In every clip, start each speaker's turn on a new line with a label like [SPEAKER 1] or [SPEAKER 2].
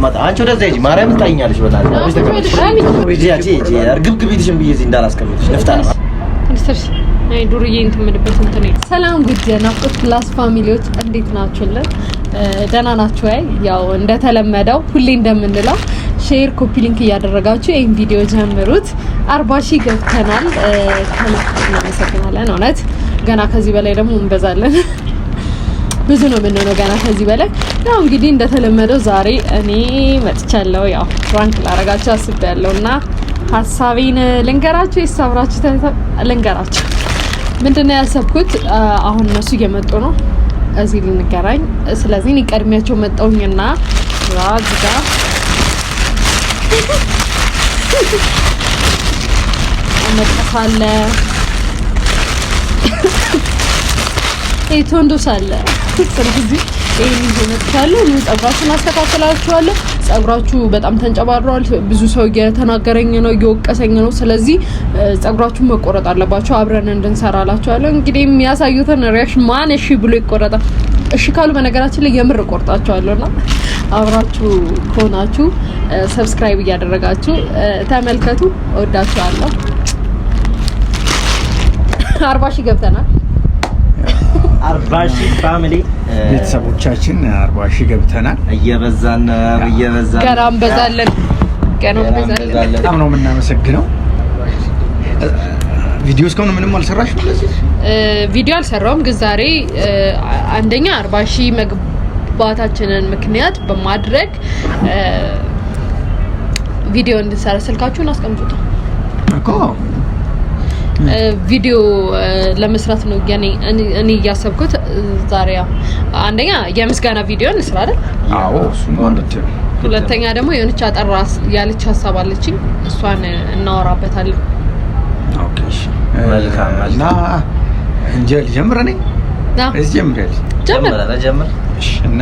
[SPEAKER 1] አማጣ አንቺ ወደዛ ሂጂ። ማርያም ትታይኛለሽ። በጣም አንቺ ተቀመጥሽ ሂጂ። አንቺ ሂጂ። እርግብ ግቢልሽም ብዬሽ እንዳላስቀምጥሽ ነፍታ ነው።
[SPEAKER 2] አይ ዱርዬ እንትን የምልበት እንትን ነው። ሰላም ጉድ ናፍቆት ፕላስ ፋሚሊዎች እንዴት ናችሁልን? ደህና ናችሁ? አይ ያው እንደተለመደው ሁሌ እንደምንለው ሼር፣ ኮፒ ሊንክ እያደረጋችሁ ይህን ቪዲዮ ጀምሩት። አርባ ሺህ ገብተናል። ከልክ እናመሰግናለን። እውነት ገና ከዚህ በላይ ደግሞ እንበዛለን። ብዙ ነው የምንሆነው ገና ከዚህ በላይ ያው እንግዲህ እንደተለመደው ዛሬ እኔ መጥቻለሁ። ያው ራንክ ላረጋችሁ አስቤያለሁ እና ሀሳቤን ልንገራችሁ የሳብራችሁ ልንገራችሁ። ምንድነው ያሰብኩት? አሁን እነሱ እየመጡ ነው እዚህ ልንገራኝ። ስለዚህ እኔ ቀድሚያቸው መጣውኝና ራዝጋ መጥቀስ አለ ቅርብ ጊዜ ይሄን ይዤ መጥቻለሁ። ፀጉራችሁን አስተካክላችኋለሁ። ፀጉራችሁ በጣም ተንጨባሯል። ብዙ ሰው እየተናገረኝ ነው፣ እየወቀሰኝ ነው። ስለዚህ ፀጉራችሁን መቆረጥ አለባችሁ፣ አብረን እንድንሰራላችኋለሁ። እንግዲህ የሚያሳዩትን ሪያክሽን ማን እሺ ብሎ ይቆረጣል? እሺ ካሉ በነገራችን ላይ የምር ቆርጣችኋለሁና አብራችሁ ከሆናችሁ ሰብስክራይብ እያደረጋችሁ ተመልከቱ። እወዳችኋለሁ። አርባ ሺህ ገብተናል።
[SPEAKER 1] አርባ ሺህ ፋሚሊ ቤተሰቦቻችን አርባ ሺህ ገብተናል። እየበዛን እየበዛን
[SPEAKER 2] ገና እንበዛለን።
[SPEAKER 1] በጣም ነው የምናመሰግነው። ቪዲዮ እስካሁን ምንም አልሰራሽ?
[SPEAKER 2] ቪዲዮ አልሰራውም፣ ግን ዛሬ አንደኛ አርባ ሺህ መግባታችንን ምክንያት በማድረግ ቪዲዮ እንድንሰራ ስልካችሁን አስቀምጡታ እኮ ቪዲዮ ለመስራት ነው እኔ እያሰብኩት ዛሬ። አንደኛ የምስጋና ቪዲዮ እንስራ አይደል? አዎ። ሁለተኛ ደግሞ የሆነች አጠራ ያለች ሀሳብ አለችኝ፣ እሷን እናወራበታለን።
[SPEAKER 1] ኦኬ፣ መልካም እና እንጀል ጀምረኔ ጀምረል እና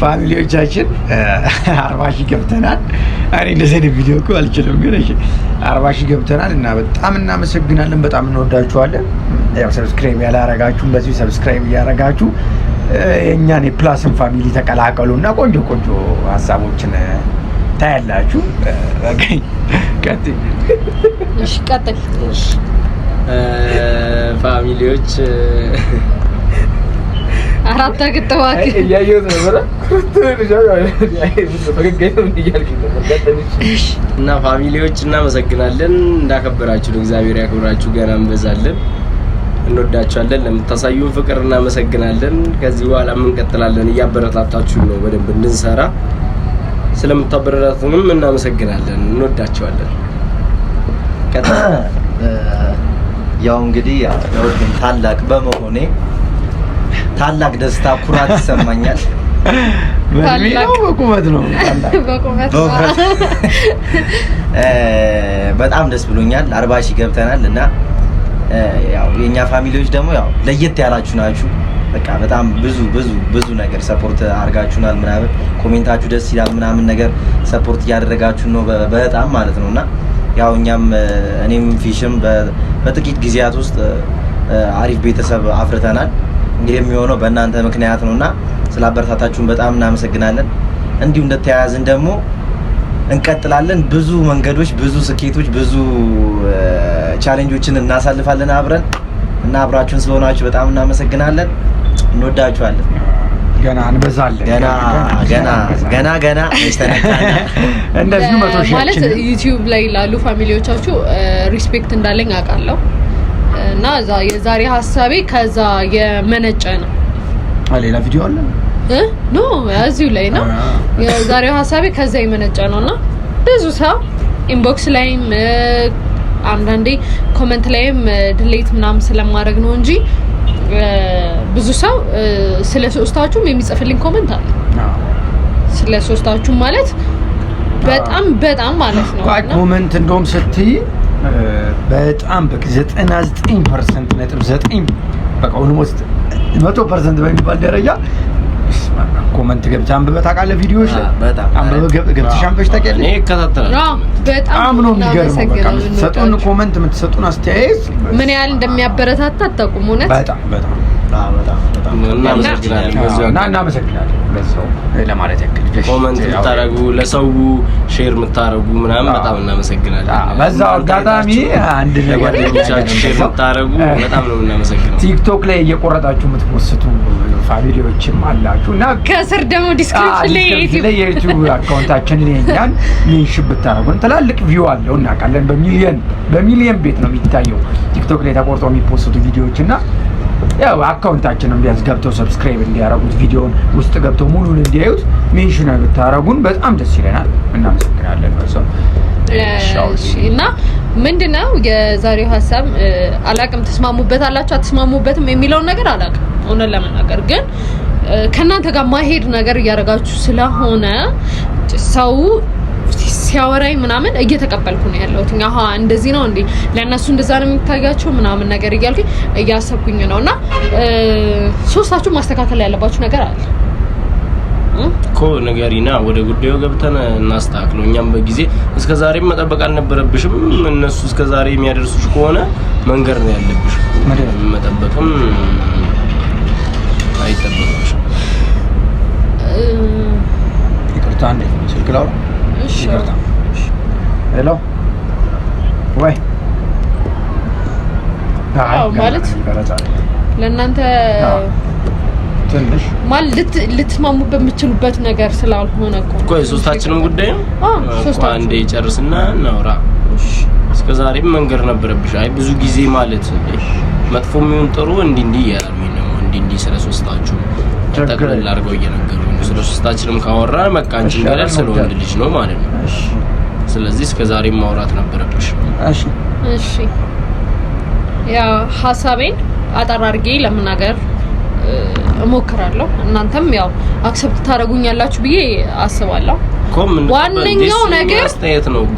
[SPEAKER 1] ፋሚሊዎቻችን አርባ ሺህ ገብተናል። እኔ እንደዚህ አይነት ቪዲዮ እኮ አልችልም፣ ግን እሺ አርባ ሺህ ገብተናል እና በጣም እናመሰግናለን። በጣም እንወዳችኋለን። ያው ሰብስክራይብ ያላረጋችሁም በዚሁ ሰብስክራይብ እያረጋችሁ የእኛን የፕላስን ፋሚሊ ተቀላቀሉ እና ቆንጆ ቆንጆ ሀሳቦችን ታያላችሁ። ቀጥል ፋሚሊዎች
[SPEAKER 2] አራት አግጥ እባክህ
[SPEAKER 1] እያየሁት ነበረ። እና ፋሚሊዎች እናመሰግናለን። እንዳከበራችሁ እግዚአብሔር ያክብራችሁ። ገና እንበዛለን። እንወዳችኋለን። ለምታሳዩን ፍቅር እናመሰግናለን። ከዚህ በኋላ እንቀጥላለን። እያበረታታችሁ ነው በደንብ እንድንሰራ ስለምታበረታቱንም እናመሰግናለን። እንወዳችኋለን። ያው እንግዲህ ታላቅ በመሆኔ ታላቅ ደስታ፣ ኩራት ይሰማኛል። በቁመት ነው በጣም ደስ ብሎኛል። አርባ ሺህ ገብተናል እና ያው የእኛ ፋሚሊዎች ደግሞ ያው ለየት ያላችሁ ናችሁ። በቃ በጣም ብዙ ብዙ ብዙ ነገር ሰፖርት አድርጋችሁናል፣ ምናምን ኮሜንታችሁ ደስ ይላል ምናምን ነገር ሰፖርት እያደረጋችሁ ነው በጣም ማለት ነው እና ያው እኛም እኔም ፊሽም በጥቂት ጊዜያት ውስጥ አሪፍ ቤተሰብ አፍርተናል። እንግዲህ የሚሆነው በእናንተ ምክንያት ነውና ስለ አበረታታችሁን በጣም እናመሰግናለን። እንዲሁ እንደተያያዝን ደግሞ እንቀጥላለን። ብዙ መንገዶች፣ ብዙ ስኬቶች፣ ብዙ ቻሌንጆችን እናሳልፋለን አብረን እና አብራችሁን ስለሆናችሁ በጣም እናመሰግናለን። እንወዳችኋለን። ገና እንበዛለን። ገና ገና ገና ገና እንደዚህ መቶ ሺህ ማለት
[SPEAKER 2] ዩቲዩብ ላይ ላሉ ፋሚሊዎቻችሁ ሪስፔክት እንዳለኝ አውቃለሁ። እና የዛሬ ሀሳቤ ከዛ የመነጨ ነው። ሌላ ቪዲዮ አለ ኖ እዚሁ ላይ ነው። የዛሬው ሀሳቤ ከዛ የመነጨ ነው እና ብዙ ሰው ኢንቦክስ ላይም አንዳንዴ ኮመንት ላይም ድሌት ምናምን ስለማድረግ ነው እንጂ ብዙ ሰው ስለ ሶስታችሁም የሚጽፍልኝ ኮመንት አለ። ስለ ሶስታችሁም ማለት በጣም በጣም ማለት
[SPEAKER 1] ነው ኮመንት እንደውም ስትይ በጣም በ 99 ፐርሰንት ነጥብ 9 በቃ ኦልሞስት መቶ ፐርሰንት በሚባል ደረጃ ኮመንት ገብተህ አንብበህ ታውቃለህ። ቪዲዮዎች አንብበህ ገብተሽ አንብበሽ በጣም ነው የሚገርመው። በቃ የምትሰጡን ኮመንት የምትሰጡን አስተያየት
[SPEAKER 2] ምን ያህል እንደሚያበረታታ አታውቁም። እውነት
[SPEAKER 1] በጣም በጣም እናመሰግናለን። ለሰው ለማለት ያክል ኮመንት የምታደርጉ ለሰው ሼር የምታደርጉ ምናምን በጣም እናመሰግናለን። በዛው አጋጣሚ አንድ ለጓደኞቻችሁ ሼር የምታደርጉ በጣም ነው እናመሰግናለን። ቲክቶክ ላይ እየቆረጣችሁ የምትፖስቱ ፋሚሊዎችም አላችሁ እና
[SPEAKER 2] ከስር ደግሞ ዲስክሪፕሽን ላይ
[SPEAKER 1] የዩቲዩብ አካውንታችን የእኛን ሚንሽን ብታደርጉን ትላልቅ ቪው አለው እናውቃለን። በሚሊየን በሚሊየን ቤት ነው የሚታየው ቲክቶክ ላይ ተቆርጦ የሚፖስቱ ቪዲዮዎች እና ያው አካውንታችንን ቢያንስ ገብተው ሰብስክራይብ እንዲያረጉት ቪዲዮውን ውስጥ ገብተው ሙሉን እንዲያዩት ሜንሽን ብታረጉን በጣም ደስ ይለናል። እናመሰግናለን።
[SPEAKER 2] ሰው እና ምንድን ነው የዛሬው ሀሳብ አላቅም፣ ተስማሙበት አላችሁ አትስማሙበትም የሚለውን ነገር አላቅም። እውነት ለመናገር ግን ከእናንተ ጋር ማሄድ ነገር እያደረጋችሁ ስለሆነ ሰው ሲያወራኝ ምናምን እየተቀበልኩ ነው ያለሁት። አሀ እንደዚህ ነው እንዴ ለእነሱ እንደዛ ነው የሚታያቸው ምናምን ነገር እያልኩኝ እያሰብኩኝ ነው። እና ሶስታችሁ ማስተካከል ያለባችሁ ነገር አለ
[SPEAKER 1] እኮ ንገሪና፣ ወደ ጉዳዩ ገብተን እናስተካክለው። እኛም በጊዜ እስከ ዛሬም መጠበቅ አልነበረብሽም። እነሱ እስከ ዛሬ የሚያደርሱሽ ከሆነ መንገድ ነው ያለብሽ። መጠበቅም አይጠበቅብሽም። ይቅርታ ስልክ ላውራ ሄሎ ወይ
[SPEAKER 2] ማለት ለእናንተ ትንሽ ማለት ልትስማሙ በምችሉበት ነገር ስላልሆነ
[SPEAKER 1] እኮ የሶስታችንም ጉዳይ ነው። አንዴ ጨርስና እናውራ። እስከ ዛሬም መንገር ነበረብሽ። አይ ብዙ ጊዜ ማለት መጥፎ የሚሆን ጥሩ እንዲህ እንዲህ ነው እንዲህ እንዲህ ስለ ሶስታችሁ ጠቅለል አድርገው እየነገሩ ስለ ሶስታችንም ካወራ በቃ አንቺ ስለ ወንድ ልጅ ነው ማለት ነው። ስለዚህ እስከ ዛሬ ማውራት ነበረብሽ።
[SPEAKER 2] እሺ፣ ያ ሀሳቤን አጠር አድርጌ ለመናገር እሞክራለሁ። እናንተም ያው አክሰፕት ታደርጉኛላችሁ ብዬ አስባለሁ። ዋነኛው ነገር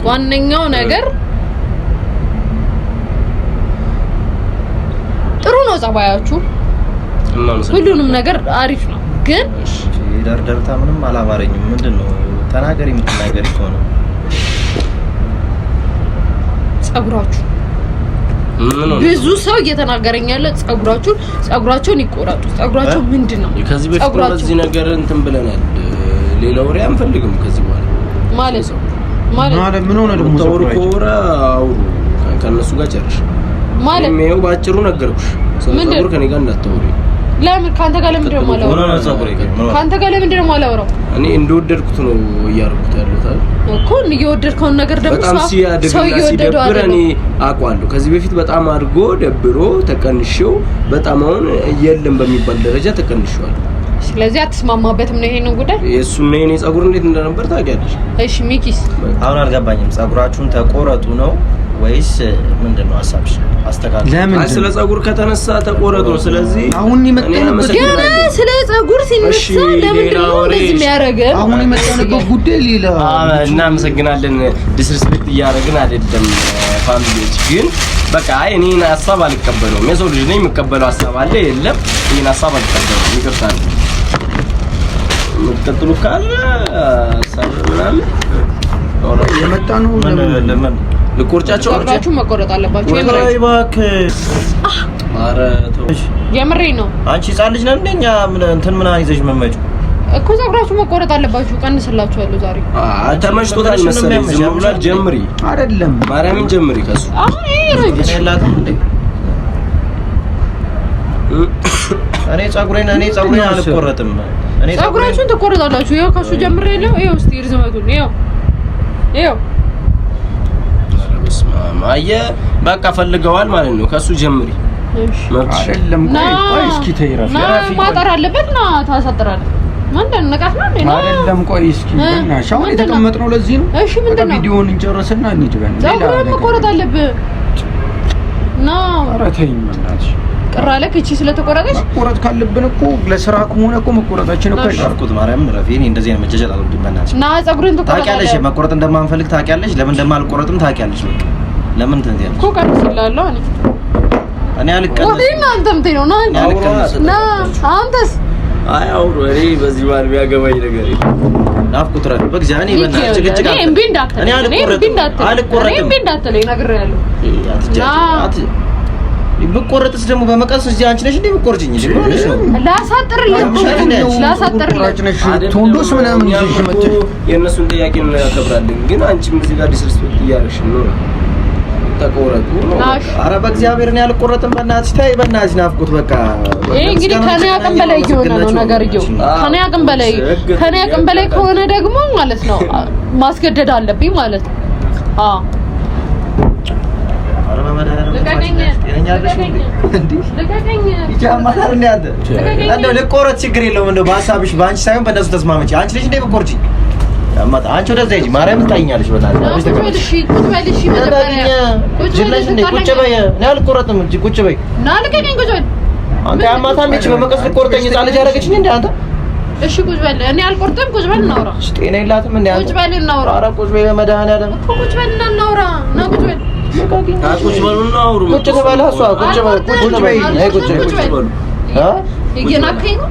[SPEAKER 2] ዋነኛው ነገር ጥሩ ነው ጸባያችሁ፣ ሁሉንም ነገር አሪፍ ነው ግን
[SPEAKER 1] ደርደርታ ምንም አላማረኝም። ምንድን ነው ተናገሪ፣ የምትናገሪ ከሆነ
[SPEAKER 2] ጸጉራችሁ ብዙ ሰው እየተናገረኝ ያለ ጸጉራችሁን ጸጉራቸውን ይቆራጡ። ጸጉራቸው ምንድን ነው?
[SPEAKER 1] ከዚህ በፊት በዚህ ነገር እንትን ብለናል። ሌላ ወሬ አንፈልግም ከዚህ በኋላ ማለት ነው። ማለት ምን ሆነ ደግሞ ተወሩ ከወረ አውሩ ከእነሱ ጋር ጨርሽ ማለት ነው። ባጭሩ ነገርኩሽ። ጸጉር ከኔ ጋር እንዳትወሪ
[SPEAKER 2] ለምን ካንተ ጋር ለምን ለምንድን ነው
[SPEAKER 1] የማላወራው?
[SPEAKER 2] ካንተ ጋር ለምንድን ነው የማላወራው?
[SPEAKER 1] እኔ እንደወደድኩት ነው እያደረኩት ያለሁት አይደል
[SPEAKER 2] እኮ። እየወደድከውን ነገር
[SPEAKER 1] ደግሞ ሰው እየወደደው እኔ አውቀዋለሁ። ከዚህ በፊት በጣም አድርጎ ደብሮ ተቀንሼው፣ በጣም አሁን የለም በሚባል ደረጃ ተቀንሼዋለሁ።
[SPEAKER 2] ስለዚህ አትስማማበትም ነው ይሄንን ጉዳይ።
[SPEAKER 1] ነው የኔ ጸጉር እንዴት እንደነበር ታውቂያለሽ። እሺ ሚኪስ፣ አሁን አልገባኝም። ጸጉራችሁን ተቆረጡ ነው ወይስ ምንድን ነው ሀሳብሽ? አስተካክል። ስለ ጸጉር ከተነሳ ተቆረጦ። ስለዚህ
[SPEAKER 2] አሁን የመጣንበት ስለ ጸጉር ሲነሳ ለምንድን ነው እንደዚህ
[SPEAKER 1] አሁን የመጣንበት ጉዳይ ሌላ። እናመሰግናለን። ዲስሪስፔክት እያደረግን አይደለም። ፋሚሊዎች ግን በቃ እኔን ሀሳብ አልቀበለውም። የሰው ልጅ ነኝ። የምቀበለው ሀሳብ አለ የለም። እኔን ሀሳብ አልቀበለውም። ይቅርታ የምትቀጥሉ ካለ ምናምን የመጣ ነው ልቆርጫቸው
[SPEAKER 2] አርጫችሁ መቆረጥ አለባችሁ።
[SPEAKER 1] ወይ እባክህ ኧረ ተው፣ የምሬ ነው። አንቺ ህጻን ልጅ ነን እንደኛ እንትን ምን ይዘሽ መመጭ
[SPEAKER 2] እኮ ፀጉራችሁ መቆረጥ አለባችሁ። ቀንስላችኋለሁ ዛሬ።
[SPEAKER 1] ተመችቶታል መሰለኝ። ዝም ብሏል። ጀምሪ። አይደለም ማርያምን ጀምሪ። ከሱ
[SPEAKER 2] አሁን የላትም እንዴ?
[SPEAKER 1] እኔ ፀጉሬን እኔ ፀጉሬን አልቆረጥም።
[SPEAKER 2] እኔ ፀጉራችሁን ትቆረጣላችሁ። ይኸው ከሱ ጀምሬ ነው። ይኸው እስኪ ይርዝመቱን ይኸው ይኸው
[SPEAKER 1] አየ በቃ ፈልገዋል ማለት ነው። ከሱ ጀምሪ። አይደለም ቆይ እስኪ ተይ፣ ና ነው አይደለም እስኪ ለዚህ ነው። እሺ ምንድን ነው? ቪዲዮውን እንጨርስና
[SPEAKER 2] መቆረጥ አለብህ። ና ቅር እቺ ስለተቆረጠች
[SPEAKER 1] መቆረጥ ካለብን እኮ ለስራ ከሆነ እኮ መቆረጣችን እኮ ያልኩት ማርያም ረፊ እኔ እንደዚህ አይነት መጃጃል አልወድም።
[SPEAKER 2] በእናትሽ ና ፀጉርህን
[SPEAKER 1] ተቆረጥ። ታውቂያለሽ መቆረጥ እንደማንፈልግ ታውቂያለሽ። ለምን እንደማልቆረጥም ታውቂያለሽ። በቃ ለምን ትንት ያልኩ
[SPEAKER 2] እኮ ቀንስ እላለሁ እኔ እኔ አልቀነስም። ወዲና አንተም ነው ና ና አንተስ
[SPEAKER 1] አይ አውሩ እኔ በዚህ ባል ቢያገባኝ ነገር ናፍቁት ረክ በእግዚአብሔር እኔ በእናትህ
[SPEAKER 2] ጭቅጭቅ እምቢ እንዳትለኝ፣ እምቢ እንዳትለኝ ነግሬሃለሁ።
[SPEAKER 1] ብቆረጥስ ደግሞ በመቀስ እዚህ አንቺ ነሽ እንዴ ብቆርጭኝ? እሺ ሆነሽ
[SPEAKER 2] ነው ላሳጥርልህ ላሳጥርልህ
[SPEAKER 1] ቶንዶስ ምናምን ይዘሽ መጥተሽ የእነሱን ጥያቄ እናከብራለን፣ ግን አንቺም እዚህ ጋር ዲስርስፔክት እያደረግሽ ነው ተቆረጡ። ኧረ በእግዚአብሔር ነው አልቆረጥም። በእናትሽ ተይ፣ በእናትሽ ናፍቁት። በቃ
[SPEAKER 2] ይሄ እንግዲህ ከኔ አቅም በላይ እየሆነ ነው ነገርየው። ከኔ አቅም በላይ ከኔ አቅም በላይ ከሆነ ደግሞ ማለት ነው ማስገደድ አለብኝ ማለት ነው።
[SPEAKER 1] ልቆረጥ ችግር የለውም። እንደው በሀሳብሽ በአንቺ ሳይሆን በእነሱ ተስማመች። አንቺ ልጅ እንደ ቆርጪ አንቺ ወደዛ ሂጂ። ማርያምን ታይኛለሽ። ቁጭ በይ። በመቀስ ልትቆርጠኝ ህፃን ልጅ አደረገችኝ እንዴ አንተ?
[SPEAKER 2] እሺ ቁጭ በል። እኔ አልቆርጥም። ቁጭ በል እናውራ።
[SPEAKER 1] ጤና የላትም እንዴ
[SPEAKER 2] ቁጭ በል እናውራ።
[SPEAKER 1] ኧረ ቁጭ በይ በመድኃኒዓለም
[SPEAKER 2] እኮ ቁጭ በል እናውራ። ና ቁጭ በል።
[SPEAKER 1] ቁጭ በል እናውራ። ቁጭ በል እሷ ቁጭ በል። ቁጭ በይ። አይ ቁጭ በል።
[SPEAKER 2] እ ነው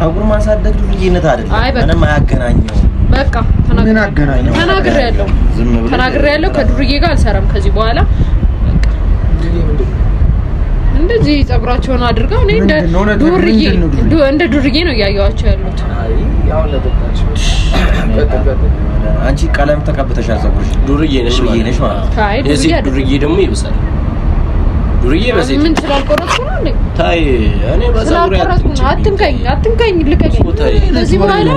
[SPEAKER 1] ጸጉር ማሳደግ ልጅነት አይደለም። ምንም አያገናኘው። በቃ ተናግሬያለሁ፣
[SPEAKER 2] ተናግሬያለሁ። ከዱርዬ ጋር አልሰራም ከዚህ በኋላ። እንደዚህ ጸጉራቸውን አድርገው እኔ እንደ ዱርዬ እንደ ዱርዬ ነው እያየኋቸው ያሉት።
[SPEAKER 1] አንቺ ቀለም ተቀብተሻል፣ ጸጉርሽ ዱርዬ ነሽ ማለት ነው። ዱርዬ ደግሞ ይብሳል ዱርዬ በዚህ
[SPEAKER 2] ምን ስላልቆረጥኩ ነው እንዴ?
[SPEAKER 1] ታይ እኔ
[SPEAKER 2] በፀጉሬ አትንካኝ፣ አትንካኝ፣ ልቀቀኝ። ከዚህ በኋላ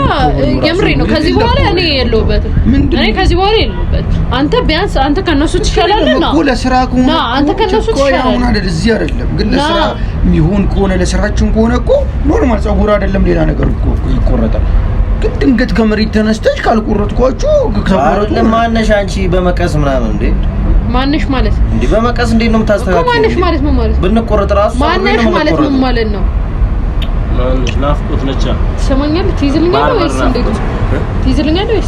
[SPEAKER 2] የምሬ ነው። ከዚህ በኋላ እኔ የለሁበትም። እኔ ከዚህ በኋላ የለሁበትም። አንተ ቢያንስ አንተ ከነሱ ትሻላለህ።
[SPEAKER 1] ነው እኮ ለስራ ከሆነ አንተ ከነሱ ትሻላለህ። አሁን አይደል እዚህ አይደለም ግን ለስራ የሚሆን ከሆነ ለስራችን ከሆነ እኮ ኖርማል ፀጉር አይደለም ሌላ ነገር እኮ ይቆረጣል። ግን ድንገት ከመሬት ተነስተሽ ካልቆረጥኳችሁ ከቆረጡ ለማነሽ አንቺ በመቀስ ምናምን እንዴ ማንሽ ማለት እንዴ? በመቀስ እንዴት ነው የምታስተካክለው?
[SPEAKER 2] ማንሽ ማለት ምን ማለት ነው?
[SPEAKER 1] ብንቆረጥ ራሱ
[SPEAKER 2] ማንሽ ማለት ምን ማለት ነው?
[SPEAKER 1] ማንሽ ናፍቆት ነቻ
[SPEAKER 2] ትሰማኛለህ? ትይዝልኛለህ ወይስ እንዴት ነው? ትይዝልኛለህ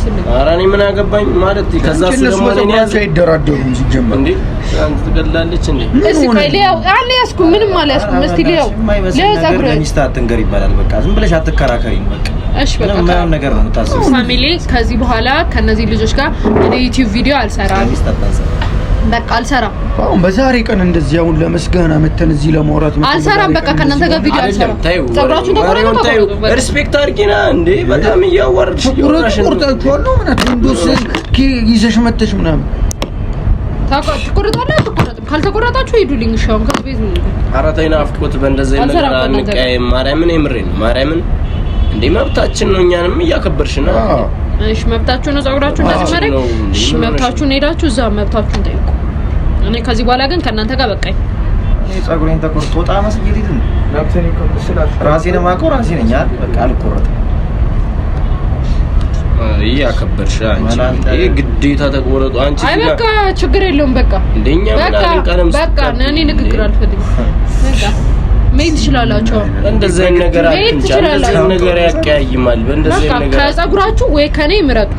[SPEAKER 1] ምን አገባኝ ማለት ከዛ ስለማ እኔ ያዘ እንዴ አንተ እንዴ? ሊያው አትንገር ይባላል። በቃ ዝም ብለሽ አትከራከሪ በቃ በቃ ነገር ነው
[SPEAKER 2] ፋሚሊ ከዚህ በኋላ ከነዚህ ልጆች ጋር እኔ ዩቲዩብ ቪዲዮ አልሰራም። በቃ አልሰራም።
[SPEAKER 1] አሁን በዛሬ ቀን እንደዚህ አሁን ለመስጋና መተን እዚህ ለማውራት
[SPEAKER 2] አልሰራም። በቃ ከእናንተ ጋር ቪዲዮ አልሰራም።
[SPEAKER 1] ሪስፔክት አድርጊና እንዴ! በጣም እያዋረድሽ ይዘሽ መተሽ ምናምን
[SPEAKER 2] ካልተቆረጣችሁ ሄዱልኝ። እሺ አሁን ከዚህ
[SPEAKER 1] ቤት በእንደዚህ ነገር አንቀያይም። ማርያምን የምሬን ማርያምን መብታችን ነው። እኛንም እያከበርሽ ነው
[SPEAKER 2] እሺ፣ መብታችሁ ነው ጸጉራችሁ እንደዚህ ማድረግ። እሺ፣ መብታችሁ ነው፣ ሄዳችሁ እዛ መብታችሁን ጠይቁ። እኔ ከዚህ በኋላ ግን ከእናንተ ጋር በቃኝ።
[SPEAKER 1] እኔ ጸጉሬን ተቆርጦ ጣ መስጊድ ራሴን ማቆ ራሴ ነኝ አይደል? በቃ አልቆረጥም። ይሄ አከበርሽ አንቺ። ይሄ ግዴታ ተቆረጡ አንቺ።
[SPEAKER 2] አይ በቃ ችግር የለውም። በቃ እንደኛ ምናምን ቀለም በቃ እኔ ንግግር አልፈልግም። በቃ መሄድ ትችላላችሁ።
[SPEAKER 1] እንደዚህ አይነት ነገር አትንጫ፣ ነገር ያቀያይማል። በእንደዚህ አይነት ነገር
[SPEAKER 2] ከጸጉራችሁ ወይ ከኔ ምረጡ።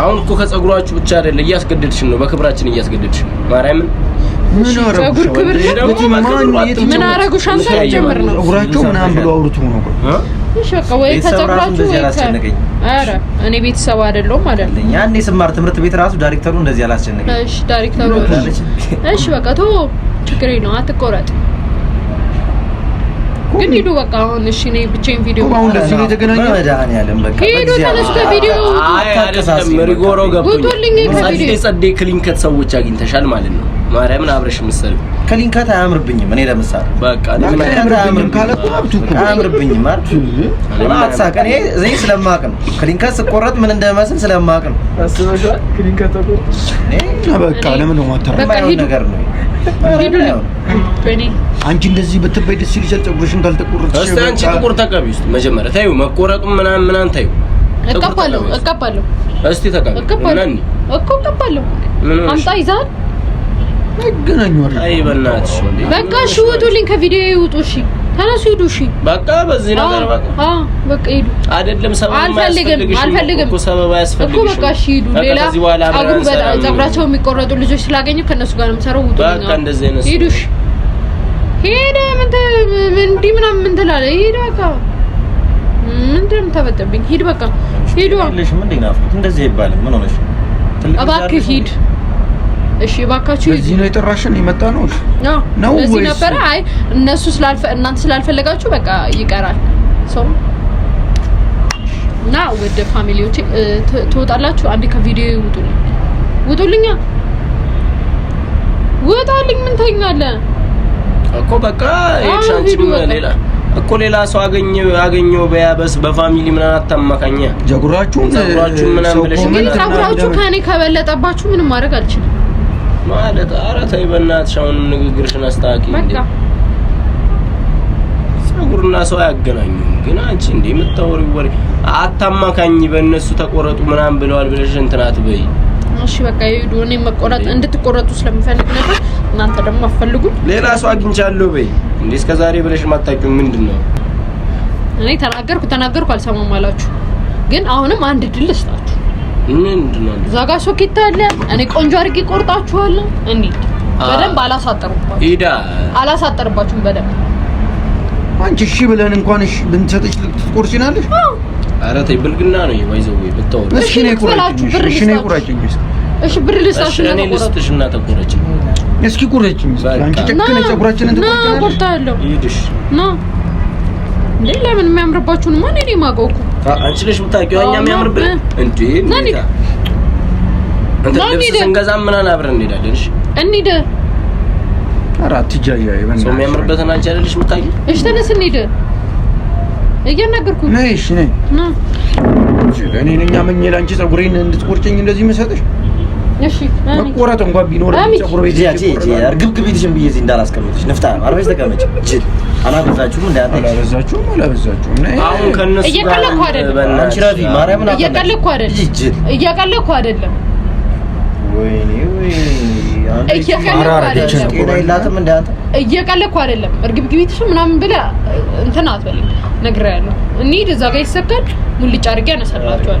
[SPEAKER 1] አሁን እኮ ከጸጉራችሁ ብቻ አይደለ፣ እያስገደድሽን ነው፣ በክብራችን እያስገደድሽን ነው። ማርያምን
[SPEAKER 2] ጸጉር ክብር ምን አረጉሽ? አንተ
[SPEAKER 1] ጀምር ነው ጸጉራችሁ ምናምን ብሎ አውርቱ ነው
[SPEAKER 2] እኔ ቤተሰብ አይደለሁም አይደለም።
[SPEAKER 1] ያኔ ስማር ትምህርት ቤት ራሱ ዳይሬክተሩ እንደዚህ አላስጨነቀኝ።
[SPEAKER 2] እሺ ዳይሬክተሩ እሺ በቃ ተወው፣ ችግር የለውም አትቆረጥ ግን ሂዱ በቃ አሁን እሺ፣ እኔ ብቻዬን ቪዲዮ
[SPEAKER 1] አሁን እንደዚህ ነው የተገናኘው። መድኃኒዓለም በቃ
[SPEAKER 2] ሂዱ ተነስቶ ቪዲዮ ሪጎሮ ገብቶኝ
[SPEAKER 1] ጸዴ ክሊንከት ሰዎች አግኝተሻል ማለት ነው። ማርያምን አብረሽ መሰለኝ ክሊንከት አያምርብኝም። እኔ ለምሳሌ በቃ አያምርብኝም አትሳቅ። እኔ እዚህ ስለማቅ ነው ክሊንከት ስቆረጥ ምን እንደመስል ስለማቅ ነው። በቃ ለምን ነው ነገር ነው አንቺ እንደዚህ ብትበይ ደስ ይልሻል። ጸጉርሽን ካልተቆረጥሽ እስቲ አንቺ ጥቁር ተቀቢ ውስጥ መጀመሪያ ታዩ መቆረጡ ምናምን ምናምን ታዩ።
[SPEAKER 2] እቀባለሁ እቀባለሁ። እስቲ ተቀቢ እኮ እቀባለሁ። አምጣ ይዘሃል
[SPEAKER 1] አይገናኙ። አይ በእናትሽ
[SPEAKER 2] በቃ እሺ፣ ውጡልኝ ከቪዲዮ ይውጡ። እሺ ተነሱ ሂዱ። እሺ
[SPEAKER 1] በቃ በዚህ ነገር በቃ
[SPEAKER 2] አዎ በቃ ሂዱ። አይደለም ሰበብ አልፈልግም፣ አልፈልግም እኮ እኮ በቃ እሺ ሂዱ። ሌላ አግሩ በጣም ፀጉራቸው የሚቆረጡ ልጆች ስላገኘሁ ከነሱ ጋር ነው የምሰራው። ውጡ
[SPEAKER 1] በቃ እንደዚህ አይነት
[SPEAKER 2] ሂዱ። እሺ ሄደ። ምን እንዲህ ምናምን ምን ትላለህ? ሂድ በቃ ምንድን ተበጠብኝ። ሂድ በቃ ሂዱ።
[SPEAKER 1] ልሽ ምንድን ናፍቆት እንደዚህ ይባላል። ምን ሆነሽ?
[SPEAKER 2] እባክህ ሂድ እሺ ባካችሁ፣
[SPEAKER 1] እዚህ ነው የጠራሽን የመጣ ነው
[SPEAKER 2] ነው እዚህ ነበረ። አይ እነሱ ስላልፈ እናንተ ስላልፈለጋችሁ በቃ ይቀራል ሰው እና ወደ ፋሚሊዎች ትወጣላችሁ። አንዴ ከቪዲዮ ይውጡልኝ ውጡልኛ፣ ውጣልኝ። ምን ታኛለ
[SPEAKER 1] እኮ በቃ ሌላ እኮ ሌላ ሰው አገኘ አገኘው በያበስ በፋሚሊ ምናምን አታማካኝ ጀጉራችሁ ጀጉራችሁ ምናምን ብለሽ
[SPEAKER 2] ግን ጸጉራችሁ ከኔ ከበለጠባችሁ ምንም ማድረግ አልችልም።
[SPEAKER 1] ማለት ኧረ ተይ በእናትሽ፣ አሁንም ንግግርሽን አስተካኪ። እንደ ፀጉርና ሰው አያገናኙም። ግን አንቺ እንደ የምታወሪው ወሬ አታማካኝ። በእነሱ ተቆረጡ ምናምን ብለዋል ብለሽ እንትን አትበይ።
[SPEAKER 2] እሺ በቃ ይሄዱ። እኔ መቆረጥ እንድትቆረጡ ስለምፈልግ ነበር፣ እናንተ ደግሞ አፈልጉ።
[SPEAKER 1] ሌላ ሰው አግኝቻለሁ በይ እንዴ። እስከ ዛሬ ብለሽ የማታውቂው ምንድን ነው?
[SPEAKER 2] እኔ ተናገርኩ ተናገርኩ አልሰማም አላችሁ። ግን አሁንም አንድ ድል ልስጣችሁ እዛ ጋ ሾኬት አለ። እኔ ቆንጆ አድርጌ ቆርጣችኋለሁ። እንሂድ። በደንብ አላሳጠርባችሁም። ሄዳ አላሳጠርባችሁም በደንብ
[SPEAKER 1] አንቺ እሺ ብለን እንኳን እሺ ብንሰጥሽ ትቆርጪናለሽ? ኧረ ተይ ብልግና ነው የማይዘው ወይ ብታወሩ። እሺ ነው ቁራጭኝ። እሺ ነው ቁራጭኝ።
[SPEAKER 2] እሺ ብር ልስጥሽ
[SPEAKER 1] እና ልስጥሽ እና ተቆረጭኝ። እስኪ ቁረጭኝ። አንቺ ጨክነሽ ፀጉራችንን
[SPEAKER 2] ትቆርጫለሽ? ይሄድሽ ነው ለምን የሚያምርባችሁን ማን እኔ ማውቀው
[SPEAKER 1] Ah, አንቺ ነሽ የምታውቂው። እኛ የሚያምርብን እንዴ አንተ ልብስ ስንገዛ ምናምን አብረን እንሄዳለን። እሺ እንሂድ። ኧረ አትጃያ ይበና ሰው የሚያምርበትን አንቺ አይደለሽ የምታውቂው።
[SPEAKER 2] እሺ ተነስ እንሂድ። እያናገርኩህ
[SPEAKER 1] ነይ። እሺ ነይ። እኔ ነኝ አመኝ ለአንቺ ፀጉሬን እንድትቆርጭኝ እንደዚህ የምሰጥሽ መቆረጥ እንኳን ቢኖር ጸጉር ቤት ያቺ እርግብግብ ይትሽም ብዬ እዚህ እንዳላስቀምጥሽ ንፍታ አርበሽ ተቀመጭ። ጅል አላበዛችሁም፣ እንዳያጠ አላበዛችሁም፣ አላበዛችሁም። አሁን ከነሱ
[SPEAKER 2] እየቀለኩ አይደለም፣
[SPEAKER 1] አንቺ ራፊ ማርያምን
[SPEAKER 2] እየቀለኩ አይደለም፣ ጅል እየቀለኩ አይደለም። ወይኔ እየቀለኩ አይደለም። እርግብግብ ይትሽም ምናምን ብለህ እንትን አትበለኝ፣ ነግሬሃለሁ። እንሂድ፣ እዛ ጋር ይሰካል፣ ሙልጭ አድርጌ አነሳላችኋለሁ።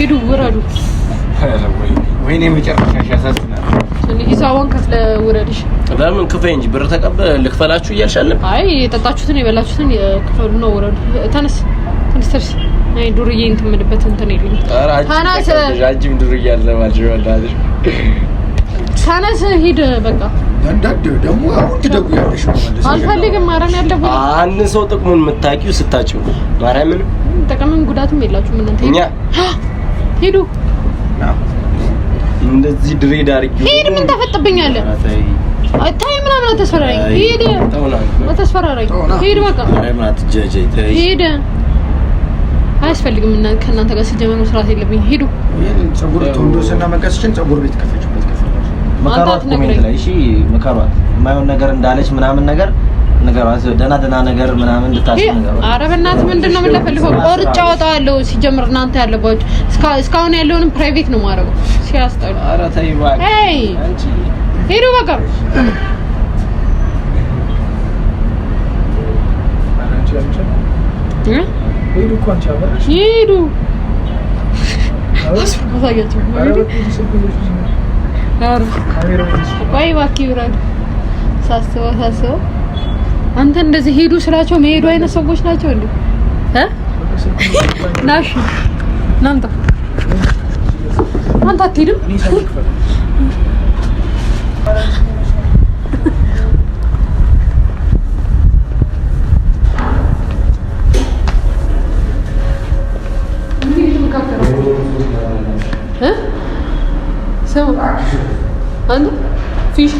[SPEAKER 2] ሂዱ ውረዱ። ወይኔ መጨረሻ ያሳዝናል። ሂሳቧን ከፍለ ውረድሽ። ለምን ክፈይ እንጂ ብር ተቀበል ልክፈላችሁ እያልሽ አለም። አይ የጠጣችሁትን የበላችሁትን ክፈሉ ነው። ውረዱ። ተነስ ተነስ ተነስ። አይ ዱርዬ እንትን የምልበት እንትን ይሉኝ ተነስ ረጅም ዱርዬ አለ ማለት ነው ይወዳልሽ። ተነስ ሂድ በቃ አንዳንዴው ደግሞ አሁን ትደውያለሽ ያለሽ ማለት ነው። አልፈልግም። ማርያም ያለው አንድ ሰው ጥቅሙን የምታውቂው ስታጪው ማርያምን ጥቅምም ጉዳትም የላችሁም እናንተ እኛ ሄዱ እንደዚህ ድሬ አድርጊ። ሂድ። ምን ታፈጥብኛለህ? አታይ ምናምን አታስፈራራኝ። ሂድ፣ አታስፈራራኝ። ሂድ፣ በቃ ሂድ። አያስፈልግም። እና ከእናንተ ጋር ሲጀመር መስራት የለብኝም። ሂዱ። ፀጉር ቶንዶስና መቀስችን ጸጉር ቤት ከፈችበት። መከሯት፣ ኮሜንት ላይ እሺ፣ መከሯት። የማይሆን ነገር እንዳለች ምናምን ነገር ነገሯት ደህና ደህና ነገር ምናምን ልታስ ነገር ኧረ በእናትህ ምንድን ነው የምንፈልገው? ቆርጬ አወጣዋለሁ። ሲጀምር እናንተ ያለባችሁ እስካሁን ያለውንም ፕራይቬት ነው የማደርገው። ሲያስጠሉ ኧረ ተይ እባክህ። አይ ሄዱ በቃ ሄዱ ሳስበው ሳስበው አንተ እንደዚህ ሄዱ ስላቸው መሄዱ አይነት ሰዎች ናቸው እንዴ? ናሽ ናምጣ አንተ አትሄድም። ሰው አንተ ፊሽ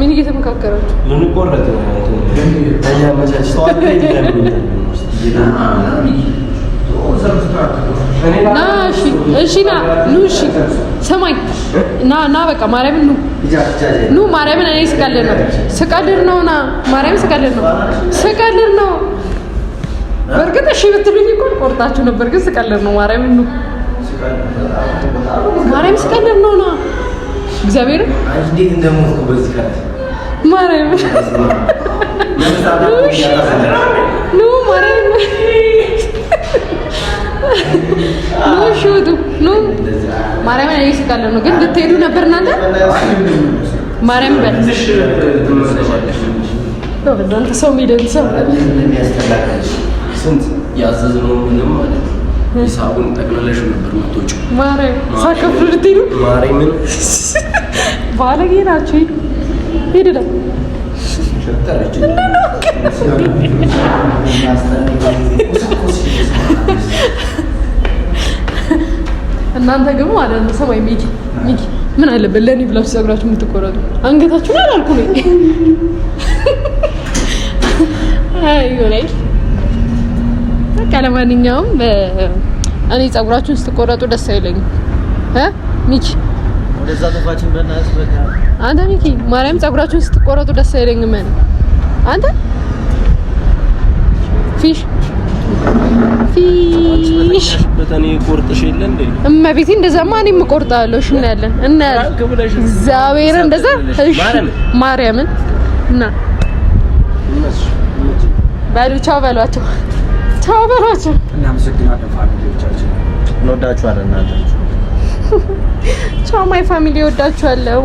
[SPEAKER 2] ምን እየተመካከራችሁ ምን ቆረጥ ኑ፣ እሺ፣ ሰማኝ ና ና በቃ ማርያምን ኑ ኑ ማርያምን እኔ ስቀልድ ነው ስቀልድ ነው ና ማርያም፣ ስቀልድ ነው ስቀልድ ነው በእርግጥ እሺ ብትሉኝ እኮ ቆርጣችሁ ነበር ግን ስቀልድ ነው ማርያምን ኑ ማርያም፣ ስቀልድ ነው ና እግዚአብሔር እንዴት እንደሞትኩ በዚህ ካት ማርያም ማርያም እኔ ስቃለሁ ነው። ግን ልትሄዱ ነበር እናንተ ማርያም በል እናንተ ሰው የሚደንስ ሰው ስንት ያዘዝነው ምንም ማለት ነው። ሂሳቡን ጠቅልለሽው ነበር የምትወጪው ማርያም ሳከፍሉ ልትሄዱ ማርያምን ባለጌ ናቸው። ሂድ ነው እናንተ ግን ማለት ነው። ሰማይ ሚኪ ሚኪ ምን አለበት ለእኔ ብላችሁ ፀጉራችሁ የምትቆረጡ አንገታችሁን አላልኩ ነው። በቃ ለማንኛውም እኔ ፀጉራችሁን ስትቆረጡ ደስ አይለኝም። ሚኪ አንተ ሚኪ ማርያም ጸጉራችሁን ስትቆረጡ ደስ አይለኝም። አንተ ፊሽ ፊሽ እመቤቴ እንደዛማ እኔም እቆርጣለሁ። እሺ እናያለን እናያለን። እግዚአብሔር እንደዛ እሺ ማርያምን እና በሉ ቻው በሏቸው፣ ቻው በሏቸው። እናመሰግናለን። ፋሚሊዎቻችን እንወዳችኋለን። እናንተ ቻው ማይ ፋሚሊ፣ ወዳችኋለሁ።